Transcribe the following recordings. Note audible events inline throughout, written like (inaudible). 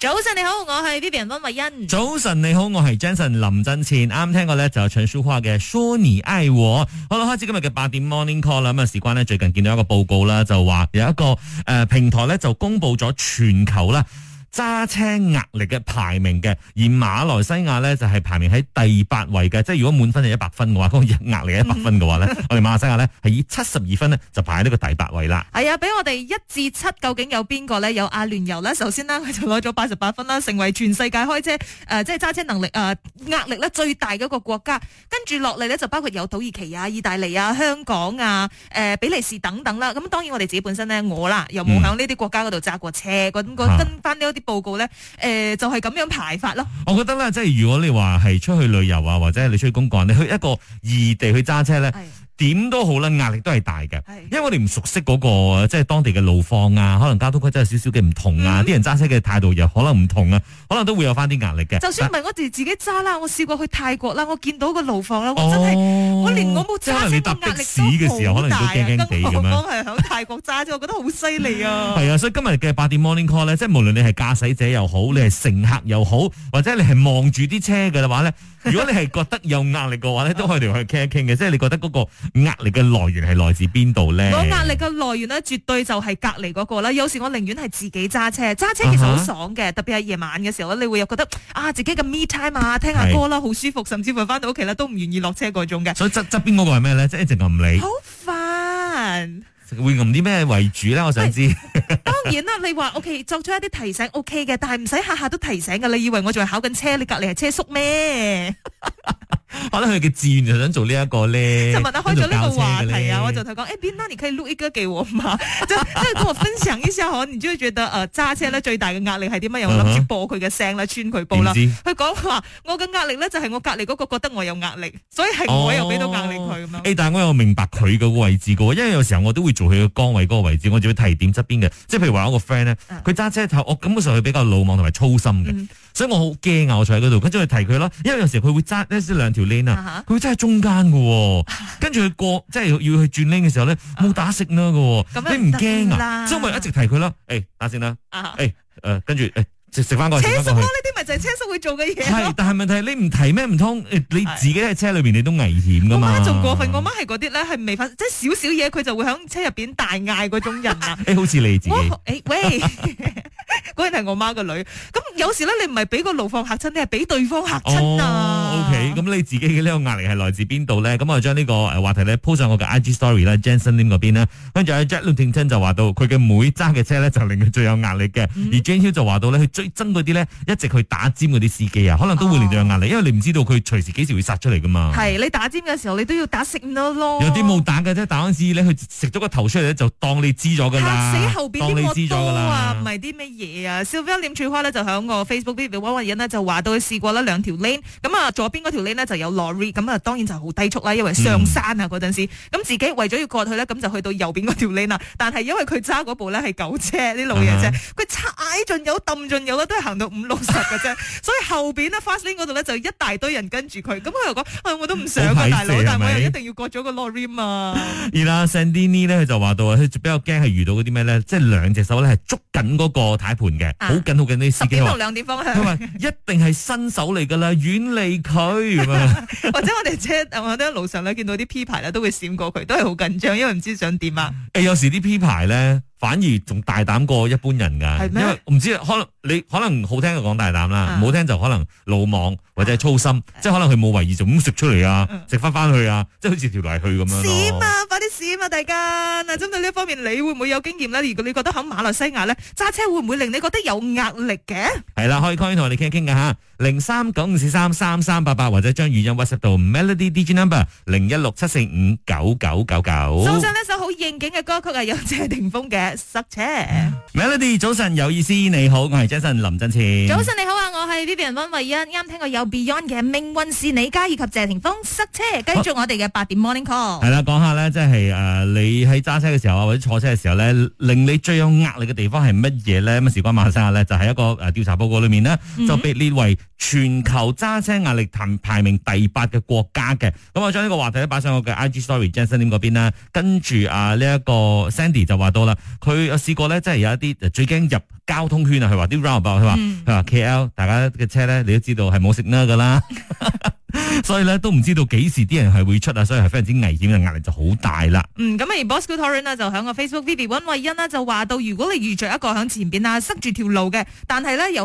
早晨你好，我係 Vivian 溫慧欣。早晨你好，我係 Jason 林振前。啱聽過咧就唱陳淑樺嘅《說你愛我》。好啦，開始今日嘅八點 Morning Call 啦。咁啊，事關咧最近見到一個報告啦，就話有一個誒、呃、平台咧就公布咗全球啦。揸車壓力嘅排名嘅，而馬來西亞咧就係、是、排名喺第八位嘅，即係如果滿分係一百分嘅話，嗰個壓力係一百分嘅話咧， (laughs) 我哋馬來西亞咧係以七十二分呢就排喺呢個第八位啦。係啊、哎，俾我哋一至七，究竟有邊個咧？有阿聯酋咧，首先啦，佢就攞咗八十八分啦，成為全世界開車誒、呃，即係揸車能力誒壓、呃、力咧最大嘅一個國家。跟住落嚟咧就包括有土耳其啊、意大利啊、香港啊、誒比利時等等啦。咁、啊、當然我哋自己本身咧，我啦又冇響呢啲國家嗰度揸過車，嗯、跟翻呢。啲報告咧，誒、呃、就係、是、咁樣排法咯。我覺得咧，即係如果你話係出去旅遊啊，或者你出去公幹，你去一個異地去揸車咧。點都好啦，壓力都係大嘅，是因為我哋唔熟悉嗰、嗰個即係當地嘅路況啊，可能交通規則有少少嘅唔同啊，啲、嗯、人揸車嘅態度又可能唔同啊，可能都會有翻啲壓力嘅。就算唔係我哋自己揸啦，但我試過去泰國啦，我見到個路況啦，哦、我真係我連我冇揸車都壓力好大。就你搭的士嘅時候，可能都驚驚地咁樣。我係響泰國揸車，我覺得好犀利啊！係 (laughs) (laughs) 啊，所以今日嘅八點 morning call 咧，即係無論你係駕駛者又好，你係乘客又好，或者你係望住啲車嘅話咧。 (laughs) 如果你係覺得有壓力嘅話咧，都可以同佢傾一傾嘅，即係你覺得嗰個壓力嘅來源係來自邊度咧？我壓力嘅來源咧，絕對就係隔離嗰個啦。有時我寧願係自己揸車，揸車其實好爽嘅，uh huh。特別係夜晚嘅時候咧，你會又覺得啊，自己嘅 me time 啊，聽下歌啦，好是舒服，甚至乎翻到屋企咧都唔願意落車嗰種嘅。所以側側邊嗰個係咩咧？即係一直咁你。 (laughs) 好煩。會用啲咩為主咧？我想知是。 (laughs) 當然啦，你話 O K，作出一啲提醒 O K 嘅，但係唔使下下都提醒噶。你以為我仲係考緊車？你隔籬係車叔咩？ (laughs) 可能佢嘅志願就想做呢一個咧，琴日開咗呢個話題啊，我就同佢講：誒、欸，邊？那你可以錄一個給我嘛，即係即跟我分享一下嗬。你最覺得誒揸、呃、車咧最大嘅壓力係點乜？又諗住播佢嘅聲啦，穿佢布啦。佢講話：我嘅壓力咧就係我隔籬嗰個覺得我有壓力，所以係、哦欸、我又俾到壓力佢嘛。誒，但係我又明白佢嘅位置噶，因為有時候我都會做佢嘅崗位嗰個位置，我就會提點側邊嘅，即係譬如話我個 friend 咧，佢揸車就、嗯、我根本上佢比較魯莽同埋粗心嘅，嗯、所以我好驚啊！我坐喺嗰度，跟住就提佢啦。因為有時佢會揸一兩。條啊，佢、uh huh. 真係中間嘅、哦，跟住佢過，即係要去轉 link 嘅時候咧，冇打熄啦嘅，uh huh. 你唔驚啊？Uh huh. 所以我咪一直提佢啦，誒、欸，打先啦，誒、uh，誒、huh. 欸，跟、呃、住，誒，食食翻個。車叔咯，呢啲咪就係車叔會做嘅嘢係，但係問題係你唔提咩唔通，你自己喺車裏邊你都危險噶嘛？仲過分，我媽係嗰啲咧係未發，即係少少嘢佢就會響車入邊大嗌嗰種人啊。誒，好似你自己，誒，喂。嗰人係我媽個女，咁有時咧，你唔係俾個路況嚇親，你係俾對方嚇親啊！O K，咁你自己嘅呢個壓力係來自邊度咧？咁我就將呢個誒話題咧鋪上我嘅 I G Story 啦，Jensen 嗰邊啦，跟住阿 j a c k n t 就話到佢嘅妹揸嘅車咧就令佢最有壓力嘅，mm? 而 j a n i u 就話到咧佢追真嗰啲咧一直去打尖嗰啲司機啊，可能都會令到有壓力，因為你唔知道佢隨時幾時會殺出嚟噶嘛。係、oh. 你打尖嘅時候，你都要打食唔到咯。有啲冇打嘅啫，打完支咧，佢食咗個頭出嚟咧，就當你知咗噶啦，死後邊，當你知咗噶啦，唔係啲咩嘢。係啊，Sophia 念翠花咧就響個 Facebook 嗰邊揾揾嘢咧，就話到佢試過咧兩條 lane，咁啊左邊嗰條 lane 咧就有 Lorry，咁啊當然就係好低速啦，因為上山啊嗰陣時，咁自己為咗要過去咧，咁就去到右邊嗰條 lane 啦，但係因為佢揸嗰部咧係狗車啲老嘢車，佢踩盡油，抌盡油啦，都係行到五六十嘅啫，所以後邊咧 Fastlane 嗰度咧就一大堆人跟住佢，咁佢又講，唉我都唔想啊大佬，但係我又一定要過咗個 Lorry 啊嘛。而阿 Sandini 咧佢就話到啊，佢比較驚係遇到嗰啲咩咧，即係兩隻手咧係捉緊嗰個軚盤。嘅好緊好緊啲司機，十點兩點方向，因為一定係新手嚟噶啦，遠離佢。或者我哋車，我覺得路上咧見到啲 P 牌咧，都會閃過佢，都係好緊張，因為唔知想點啊。誒，有時啲 P 牌咧。反而仲大膽過一般人噶，係咩？因為唔知可能你可能好聽就講大膽啦，唔、嗯、好聽就可能魯莽或者係粗心，嗯、即係可能佢冇為意就咁食出嚟啊，食翻翻去啊，即係好似條嚟去咁樣。閃啊，快啲閃啊！大家嗱，針對呢一方面，你會唔會有經驗咧？如果你覺得喺馬來西亞咧揸車會唔會令你覺得有壓力嘅？係啦，可以鄺醫生同我哋傾一傾噶吓。零三九五四三三三八八，88，或者將語音 WhatsApp 到 Melody DJ Number 零一六七四五九九九九，早聽呢首好應景嘅歌曲啊，有謝霆鋒嘅塞車。 (laughs) Melody 早晨有意思，你好，我係 Jason 林振前。早晨你好啊，我係 Vivian 溫慧欣，啱聽過有 Beyond 嘅命運是你家，以及謝霆鋒塞車。跟住我哋嘅八點 Morning Call。係啦，講下呢，即係誒，你喺揸車嘅時候啊，或者坐車嘅時候呢，令你最有壓力嘅地方係乜嘢呢？乜啊，事關萬生啊，咧就喺、是、一個誒調查報告裏面呢，就、mm hmm. 被列為。全球揸車壓力談排名第八嘅國家嘅，咁我將呢個話題咧擺上我嘅 IG story，Jason 點嗰邊啦，跟住啊呢一、個 Sandy 就話到啦，佢有試過咧，真係有一啲最驚入交通圈啊，佢話啲 roundabout 佢話佢話 KL 大家嘅車咧，你都知道係冇 signal 㗎啦。 (laughs) 所以咧都唔知道幾時啲人係會出啊，所以係非常之危險嘅壓力就好大啦。嗯，咁啊，而 Bosco Torin 就喺個 Facebook video 揾慧欣呢，就話到如果你遇着一個喺前邊啊塞住條路嘅，但係咧又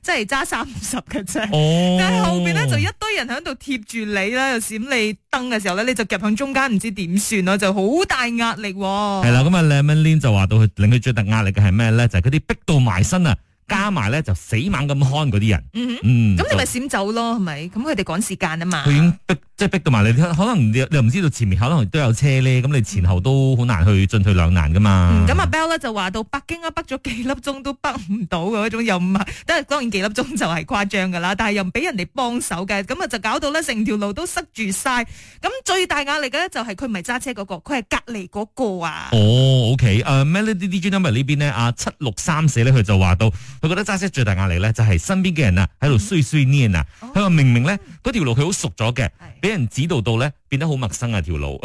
即係揸三十嘅啫，哦、但係後邊咧就一堆人喺度貼住你咧又閃你燈嘅時候咧，你就夾喺中間唔知點算啊，就好大壓力、哦。係啦，咁啊，Lamendin 就話到佢令佢最大壓力嘅係咩咧？就係嗰啲逼到埋身啊！加埋咧就死猛咁看嗰啲人，嗯，咁你咪閃走咯，係咪？咁佢哋趕時間啊嘛，佢已經逼，即係逼到埋你，可能你又唔知道前面可能都有車咧，咁你前後都好難去進退兩難噶嘛。咁阿 Bell 咧就話到北京啊，逼咗幾粒鐘都逼唔到嘅嗰種又唔係，但係當然幾粒鐘就係誇張噶啦，但係又唔俾人哋幫手嘅，咁啊就搞到咧成條路都塞住晒。咁最大壓力嘅咧就係佢唔係揸車嗰個，佢係隔籬嗰個啊。哦，OK，誒，Melody DJ number 呢邊咧啊，七六三四咧，佢就話到。佢覺得揸車最大壓力咧，就係、是、身邊嘅人啊，喺度碎碎念啊。佢話、哦、明明咧，嗰條、嗯、路佢好熟咗嘅，俾人指導到咧。變得好陌生啊條路，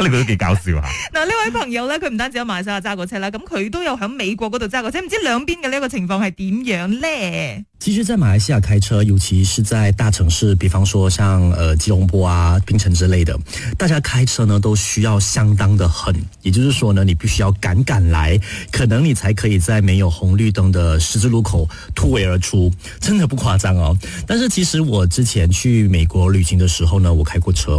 你覺得幾搞笑啊？嗱，呢位朋友呢，佢唔單止喺馬來西亞揸過車啦，咁佢都有喺美國嗰度揸過車，唔知兩邊嘅呢個情況係點樣呢？其實，在馬來西亞開車，尤其是在大城市，比方說像誒、呃、吉隆坡啊、檳城之類的，大家開車呢都需要相當的狠，也就是說呢，你必須要敢敢來，可能你才可以在沒有紅綠燈的十字路口突圍而出，真的不誇張哦。但是，其實我之前去美國旅行的時候呢，我開過車。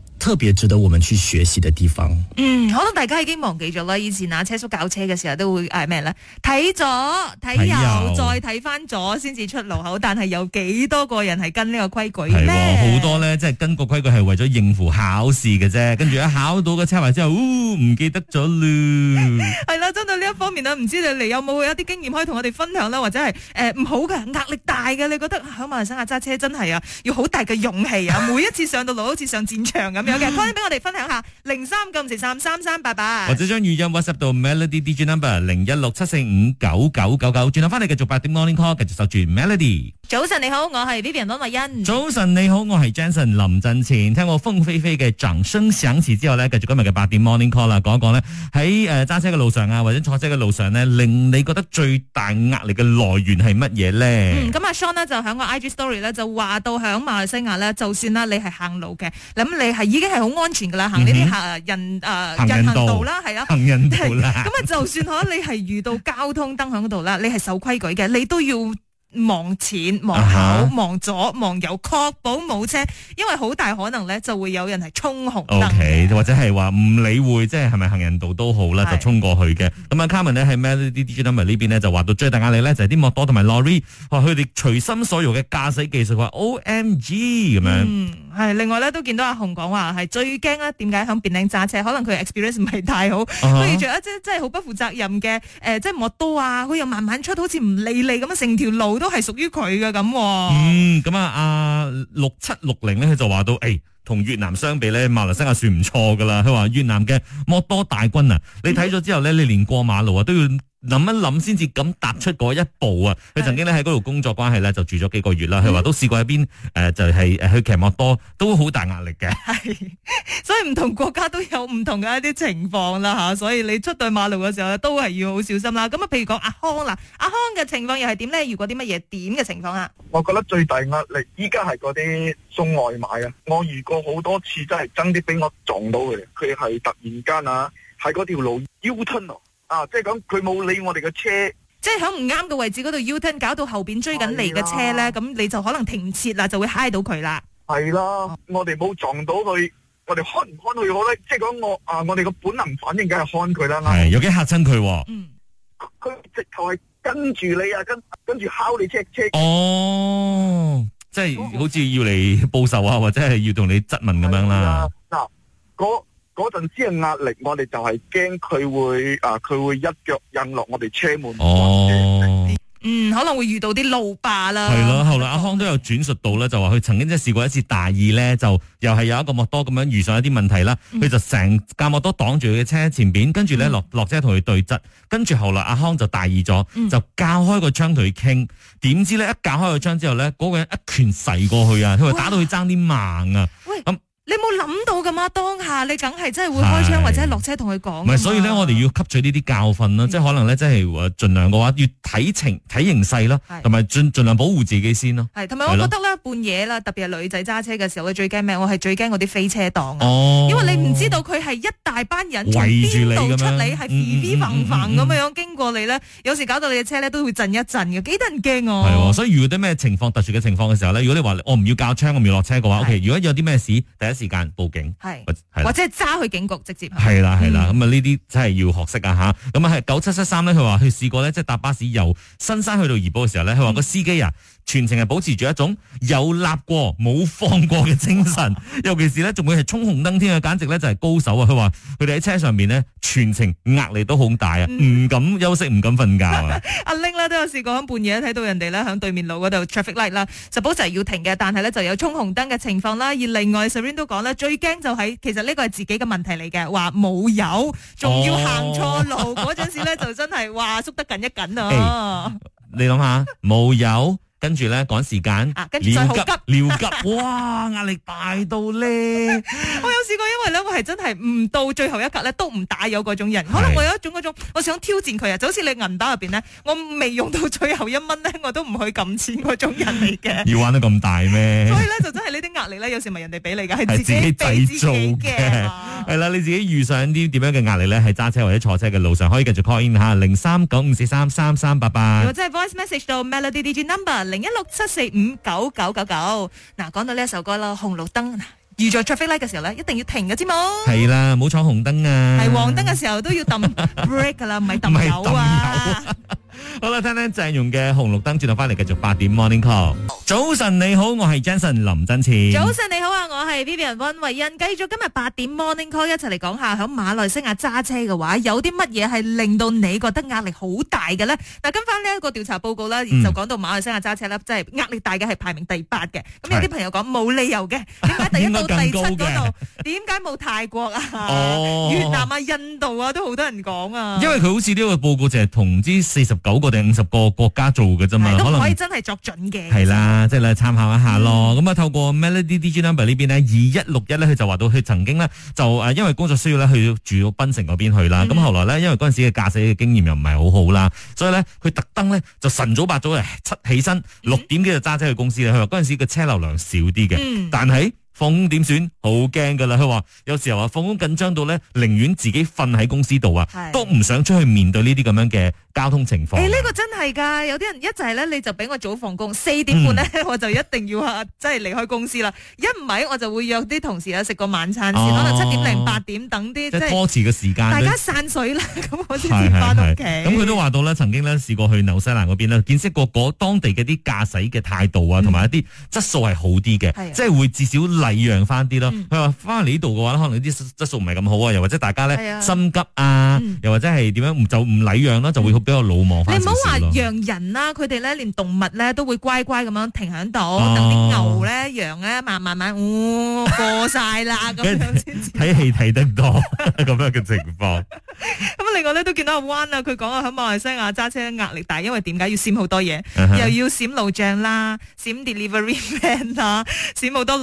特別值得我們去學習的地方。嗯，可能大家已經忘記咗啦。以前啊，車叔搞車嘅時候都會嗌咩咧？睇左、睇右有再睇翻左先至出路口，但係有幾多個人係跟呢個規矩咩？好多咧，即係跟個規矩係為咗應付考試嘅啫。跟住一考到個車牌之後，唔、哦、記得咗啦。係啦、 (laughs) 啊，針對呢一方面啊，唔知你有冇一啲經驗可以同我哋分享咧？或者係誒唔好嘅壓力大嘅，你覺得響、啊、馬來西亞啊揸車真係啊要好大嘅勇氣啊，每一次上到路好似上戰場咁。 (laughs) 有嘅，歡迎俾我哋分享下零三九五四三三三八八，或者將語音 WhatsApp 到 Melody DJ Number 零一六七四五九九九九，轉頭翻嚟繼續八點 Morning Call，繼續守住 Melody。早晨你好，我係 Vivian 梁慧欣。早晨你好，我係 Jenson 林振前。聽過風飛飛嘅掌聲響起之後呢，繼續今日嘅八點 Morning Call 啦。講一講咧喺誒揸車嘅路上啊，或者坐車嘅路上呢，令你覺得最大壓力嘅來源係乜嘢咧？咁阿 Sean 咧就喺個 IG Story 咧就話到響馬來西亞咧，就算啦你係行路嘅，咁你係已經係好安全噶啦，行呢啲行人誒、嗯哼呃、人行道啦，係啦，行人道啦。咁啊，就算可你係遇到交通燈喺嗰度啦，你係守規矩嘅，你都要。望前、望後、啊、哈左、望右，確保冇車，因為好大可能咧就會有人係衝紅燈 OK，或者係話唔理會，即係係咪行人道都好啦，是就衝過去嘅。咁啊卡文呢 m 係咩呢啲 DJ 呢？咪呢的邊咧就話到最大壓力咧就係啲摩托同埋 lorry，話佢哋隨心所欲嘅駕駛技術，話 O M G 咁樣。嗯，係另外咧都見到阿紅講話係最驚咧，點解響邊靚揸車？可能佢 experience 唔係太好，啊、哈所以仲有一啲真係好不負責任嘅誒、呃，即係摩托啊，佢又慢慢出，好似唔利利咁樣，成條路。都係屬於佢嘅咁，哦、嗯，咁啊，阿六七六零咧佢就話到，誒、欸，同越南相比咧，馬來西亞算唔錯噶啦。佢話越南嘅莫多大軍啊，嗯、你睇咗之後咧，你連過馬路啊都要，諗一諗先至噉踏出嗰一步啊！佢曾的經咧喺嗰度工作關係咧就住咗幾個月啦。佢話、嗯、都試過一邊誒，就係、是、誒、呃、去騎摩托都好大壓力嘅。係，所以唔同國家都有唔同嘅一啲情況啦吓、啊。所以你出對馬路嘅時候都係要好小心啦。咁啊，譬如講阿康啦，阿康嘅情況又係點咧？如果啲乜嘢點嘅情況啊？我覺得最大壓力依家係嗰啲送外賣啊！我遇過好多次，真係爭啲俾我撞到佢，佢係突然間啊喺嗰條路腰吞啊！即係講，佢冇理我哋嘅車，即係喺唔啱嘅位置嗰度 U turn，搞到後邊追緊嚟嘅車咧，咁的你就可能停唔切啦，就會嗨到佢啦。係啦的、哦，我哋冇撞到佢，就是、我哋看唔看佢好咧？即係講我啊，我哋個本能反應梗係看佢啦。係，有幾吓親佢。嗯，佢直頭係跟住你啊，跟跟住敲你車車。哦，即係好似要嚟報仇啊，或者係要同你質問咁樣啦。嗱，那個那個嗰陣時嘅壓力，我哋就係驚佢會啊，佢會一腳印落我哋車門哦，嗯，可能會遇到啲路霸啦。係咯，後來阿康都有轉述到咧，就話佢曾經真係試過一次大意咧，就又係有一個摩多咁樣遇上一啲問題啦。佢、嗯、就成架摩多擋住佢嘅車前邊，跟住咧落落車同佢對質，跟住後來阿康就大意咗，嗯、就較開個窗同佢傾。點知咧一較開個窗之後咧，嗰、那個人一拳襲過去啊，佢話打到佢爭啲盲啊。喂咁。喂你冇諗到噶嘛？當下你梗係真係會開窗或者落車同佢講。唔係，所以咧，我哋要吸取呢啲教訓啦，即係可能咧，即係誒，盡量嘅話要睇情睇形勢啦，同埋盡盡量保護自己先咯。係，同埋我覺得咧，半夜啦，特別係女仔揸車嘅時候，我最驚咩？我係最驚我啲飛車黨啊！哦，因為你唔知道佢係一大班人圍住你，出嚟係飛飛橫橫咁樣樣經過你咧，有時搞到你嘅車咧都會震一震嘅，幾得人驚我。係喎，所以遇到啲咩情況特殊嘅情況嘅時候咧，如果你話我唔要校窗，我唔要落車嘅話，OK。如果有啲咩事，第一。時間報警，係或者係揸去警局直接。係啦係啦，咁啊呢啲真係要學識啊吓，咁啊係九七七三咧，佢話佢試過咧，即係搭巴士由新山去到怡保嘅時候咧，佢話個司機啊，全程係保持住一種有立過冇放過嘅精神，尤其是咧仲會係衝紅燈添啊，簡直咧就係高手啊！佢話佢哋喺車上面咧，全程壓力都好大啊，唔敢休息，唔敢瞓覺啊！阿 Link 咧都有試過半夜睇到人哋咧喺對面路嗰度 traffic light 啦 supposed 就係要停嘅，但係咧就有衝紅燈嘅情況啦，而另外 Sarinda 講咧最驚就係，其實呢個係自己嘅問題嚟嘅，話冇有，仲要行錯路嗰陣、哦、時咧， (laughs) 就真係話縮得緊一緊啊、欸！你諗下冇有？ (laughs) 跟住咧趕時間，尿急尿急，哇壓力大到咧！我有試過，因為咧我係真係唔到最後一格咧都唔打有嗰種人，可能我有一種嗰種我想挑戰佢啊，就好似你銀包入邊咧，我未用到最後一蚊咧，我都唔去撳錢嗰種人嚟嘅。要玩得咁大咩？所以咧就真係呢啲壓力咧，有時唔係人哋俾你噶，係自己俾自己嘅。係啦，你自己遇上啲點樣嘅壓力咧，係揸車或者坐車嘅路上可以繼續 call in 吓，零三九五四三三三八八。如果真係 voice message 到 Melody DJ number。零一六七四五九九九九，嗱，講到呢一首歌啦，紅綠燈，遇到 traffic light 嘅時候咧，一定要停㗎，知冇？係啦，唔好闖紅燈啊！係黃燈嘅時候都要揼 break 噶啦，唔係揼走啊！好啦，聽聽鄭融嘅紅綠燈轉頭翻嚟，繼續八點 morning call。早晨你好，我係 Jason 林真前。早晨你好啊，我係 Vivian 温慧恩。繼續今日八點 morning call 一齊嚟講下響馬來西亞揸車嘅話，有啲乜嘢係令到你覺得壓力好大嘅咧？嗱，跟翻呢一個調查報告啦，就講到馬來西亞揸車咧，嗯、即係壓力大嘅係排名第八嘅。咁有啲朋友講冇是理由嘅，點解第一到第七嗰度，點解冇泰國啊、哦、越南啊、印度啊都好多人講啊？因為佢好似呢個報告就係同之四十。九個定五十個國家做嘅啫嘛，唔係可以真係作準嘅。係啦能，即係你參考一下咯。咁啊、嗯，透過 Melody D G Number 呢邊呢？二一六一，咧，佢就話到佢曾經咧就誒，因為工作需要咧去住咗檳城嗰邊去啦。咁、嗯、後來咧，因為嗰陣時嘅駕駛嘅經驗又唔係好好啦，所以咧佢特登咧就晨早八早誒七起身六點幾就揸車去公司啦。佢話嗰陣時嘅車流量少啲嘅，嗯、但係。放工點算好驚㗎啦！佢話有時候話放工緊張到咧，寧願自己瞓喺公司度啊，都唔想出去面對呢啲咁樣嘅交通情況。誒呢個真係㗎，有啲人一就係咧，你就俾我早放工，四點半咧我就一定要即係離開公司啦。一唔係我就會約啲同事啊食個晚餐，可能七點零八點等啲即係拖遲嘅時間，大家散水啦，咁我先至翻屋企。咁佢都話到咧，曾經咧試過去紐西蘭嗰邊咧，見識過嗰當地嘅啲駕駛嘅態度啊，同埋一啲質素係好啲嘅，即係會至少禮讓翻啲咯，佢話翻嚟呢度嘅話，可能啲質素唔係咁好啊，又或者大家咧心急啊，又或者係點樣就唔禮讓啦，就會比較魯莽。你唔好話洋人啦，佢哋咧連動物咧都會乖乖咁樣停喺度，等啲牛咧、羊咧，慢慢慢哦，過晒啦咁樣先。睇戲睇得多咁樣嘅情況。咁另外咧都見到阿彎啊，佢講啊喺馬來西亞揸車壓力大，因為點解要閃好多嘢，又要閃路障啦，閃 delivery man 啊，閃好多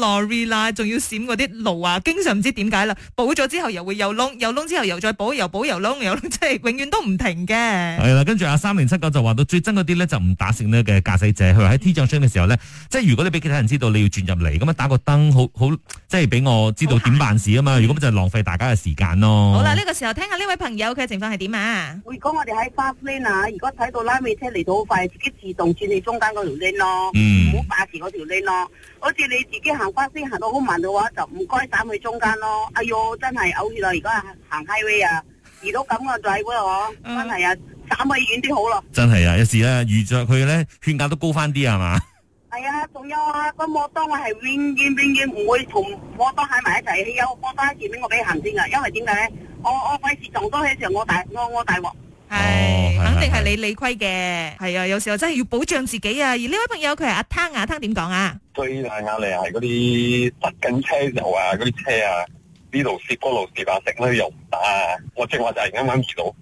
仲要閃嗰啲路啊！經常唔知點解啦，補咗之後又會又窿，又窿之後又再補，又補又窿又窿，即係永遠都唔停嘅。係啦，跟住阿三零七九就話到最憎嗰啲咧，就唔打成呢嘅駕駛者。佢話喺 T junction 嘅時候咧，即係如果你俾其他人知道你要轉入嚟，咁啊打個燈，好好即係俾我知道點辦事啊嘛。如果唔就浪費大家嘅時間咯。好啦，呢個時候聽下呢位朋友嘅情況係點啊？如果我哋喺巴仙啊，如果睇到拉尾車嚟到好快，自己自動轉你中間嗰條 l i 咯，唔好霸住嗰條 l i 咯，好似你自己行巴仙行。到好慢嘅話就唔該斬去中間咯，哎喲真係嘔血啦！而家行 highway 啊，遇到咁嘅仔喎，真係啊，斬、啊、去遠啲好啦。真係啊，有時咧遇着佢咧，血壓都高翻啲啊嘛。係啊，仲有啊，我摩托我係永遠永遠唔會同摩托喺埋一齊，有摩托前面我俾行先噶，因為點解咧？我我費事撞多佢時候我大我我大鑊。係，哎哦、肯定係你理虧嘅。係啊，啊，啊，啊，有時候真係要保障自己啊。而呢位朋友佢係阿湯，阿湯點講啊？最大壓力係嗰啲塞緊車嘅時候啊，嗰啲車啊呢度攝、嗰度攝啊成啦，又唔得啊。我正話就係啱啱遇到，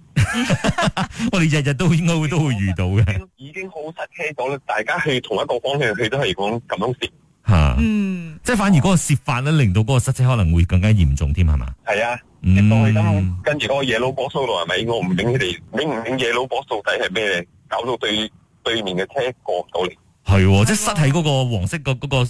我哋日日都應該會、嗯、應該都會遇到嘅。已經好塞車咗啦，大家去同一個方向，去都係講咁樣攝。吓，啊嗯、即係反而嗰個涉犯咧，令到嗰個塞車可能會更加嚴重添，係嘛？係啊，嗯，那個、跟住嗰個野佬博蘇路係咪？我唔、嗯、明佢哋明唔明野佬博到底係咩，搞到對對面嘅車過唔到嚟。係、啊，即係塞喺嗰個黃色、那個個、哦、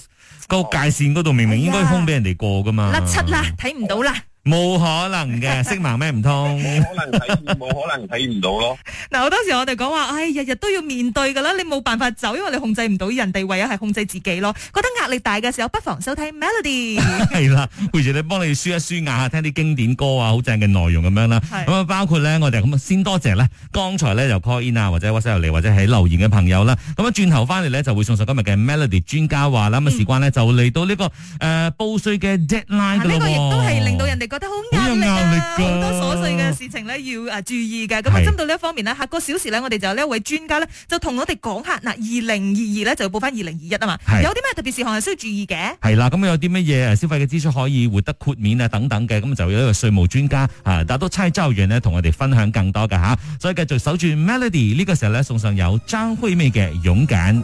個界線嗰度，明明應該空俾人哋過噶嘛，甩漆啦，睇唔到啦。冇可能嘅，色盲咩唔通？冇 (laughs) 可能睇，冇可能睇唔到咯。嗱，好多時我哋講話，唉、哎，日日都要面對噶啦，你冇辦法走，因為你控制唔到人哋，唯有係控制自己咯。覺得壓力大嘅時候，不妨收睇 Melody。係啦， (laughs) 陪住你幫你舒一舒壓，聽啲經典歌啊，好正嘅內容咁樣啦。咁啊的，包括咧，我哋咁先多謝咧，剛才咧就 call in 啊，或者 WhatsApp 嚟，或者喺留言嘅朋友啦。咁啊、嗯，轉頭翻嚟咧就會送上今日嘅 Melody 專家話啦。咁啊，事關咧就嚟到呢個誒報稅嘅 deadline 啦。呢個亦都係令到人哋得好壓力啊！好多瑣碎嘅事情咧，要誒注意嘅。咁啊，針對呢一方面咧，下一個小時咧，我哋就呢一位專家咧，就同我哋講下嗱。二零二二咧，就報返二零二一啊嘛。有啲咩特別事項係需要注意嘅？係啦，咁有啲乜嘢誒，消費嘅支出可以獲得豁免啊，等等嘅。咁就有一個稅務專家啊，打到差州遠咧，同我哋分享更多嘅吓。所以繼續守住 Melody 呢個時候咧，送上由張惠妹嘅勇敢。